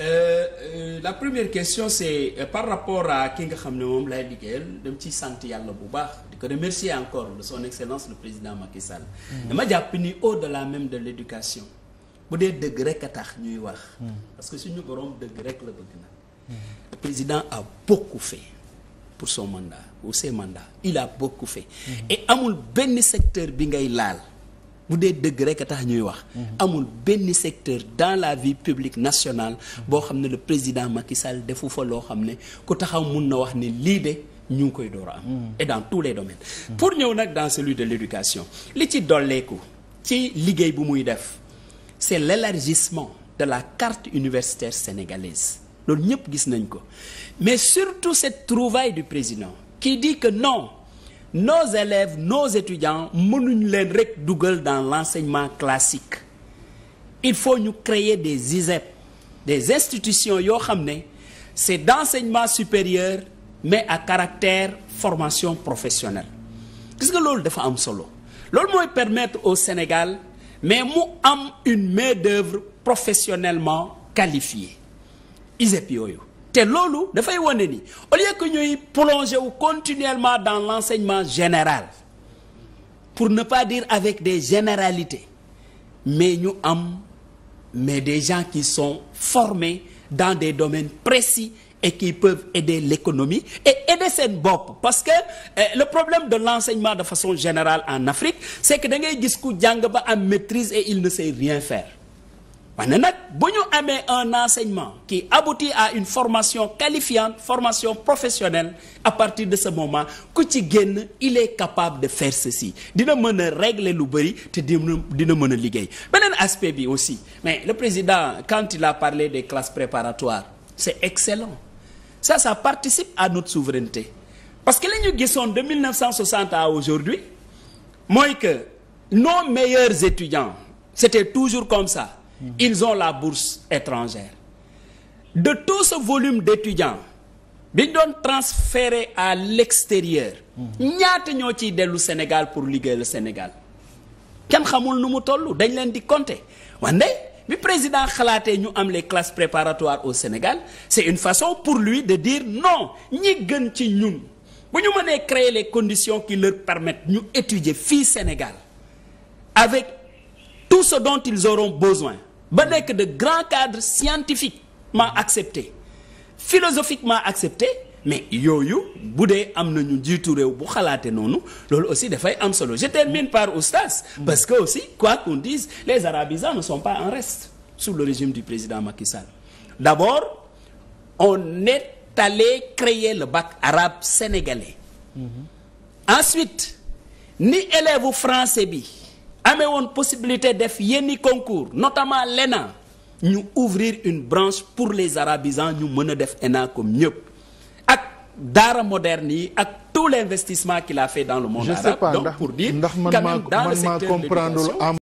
Euh, euh, la première question c'est euh, par rapport à ki nga xam ne moom lay liggéeyal dem ci sant yàlla bu baax di ko remercier encore de son excellence le président Macky Sall. Mm. dama jàpp ni au la même de l'éducation bu dee dëgg rek a tax ñuy wax. Mm. parce que suñu borom dëgg rek la bëgg nag. Mm. le président a beaucoup fait pour son mandat ou ses mandats il a beaucoup fait. et amul benn secteur bi ngay laal. bu dee dëgg rek a tax ñuy wax. Mhm. amul benn secteur dans la vie publique nationale. Mhm. boo xam ne le président Macky Sall defu fa loo xam ne ku taxaw mun na wax ni lii de ñu ngi koy door am. Mhm. et dans tous les domaines. pour ñëw nag dans celui de l'éducation li ci dolleeku ci liggéey bu muy def c'est l'élargissement de la carte universitaire sénégalaise loolu ñëpp gis nañ ko mais surtout cette trouvaille du président kii di que non. nos élèves nos étudiants mënuñ leen rek dugal dans l'enseignement classique il faut ñu créer des ISEP des institutions yoo xam ne c'est d'enseignement supérieur mais à caractère formation professionnelle gis nga loolu dafa am solo loolu mooy permettre au Sénégal mais mu am une main-d'œuvre professionnellement qualifiée ISEP yooyu te loolu dafay wane ni au lieu que ñuy plonger wu continuellement dans l'enseignement général pour ne pas dire avec des généralités mais ñu am mais des gens qui sont formés dans des domaines précis et qui peuvent aider l'économie et aider seen bopp parce que euh, le problème de l'enseignement de façon générale en Afrique c'est que da ngay gis ku jàng ba am maîtrise et il ne sait rien faire wax na nag bu ñu amee un enseignement qui aboutit à une formation qualifiante formation professionnelle à partir de ce moment ku ci génn il est capable de faire ceci dina mën a régler lu bëri te dina dina mën a liggéey beneen aspect bi aussi mais le président quand il a parlé des classes préparatoires c'est excellent ça ça participe à notre souveraineté parce que la ñu gisoon de 1960 à aujourd'hui mooy que nos meilleurs étudiants c'était toujours comme ça ils ont la bourse étrangère de tout ce volume d'étudiants bi ñu doon transféré à l'extérieur ñaata ñoo ciy dellu Sénégal pour liggéey le Sénégal kenn xamul nu mu toll dañ leen di compter wande bi président xalaatee ñu am les classes préparatoires au Sénégal c'est une façon pour lui de dire non ñi gën ci ñun bu ñu mënee créer les conditions qui leur permettent ñu étudier fii Sénégal avec tout ce dont ils auront besoin ba nekk de grands cadres scientifiquement accepté philosophiquement acceptés mais yooyu bu dee am nañu jiitu réew bu xalaate noonu loolu aussi dafay am solo je termine par oustaz parce que aussi quoi qu'on dise les arabisants ne sont pas en reste sous le régime du président Macky Sall d'abord on est allé créer le bac arabe sénégalais mm -hmm. ensuite ni élève français bi amee woon possibilité def yenni concours notamment l'ENA ñu ouvrir une branche pour les arabisans ñu mën a def ENA comme ñëpp ak daara moderne yi ak tout l'investissement qu'il a fait dans le monde arabe donc pour dire quand même dans le secteur de l'éducation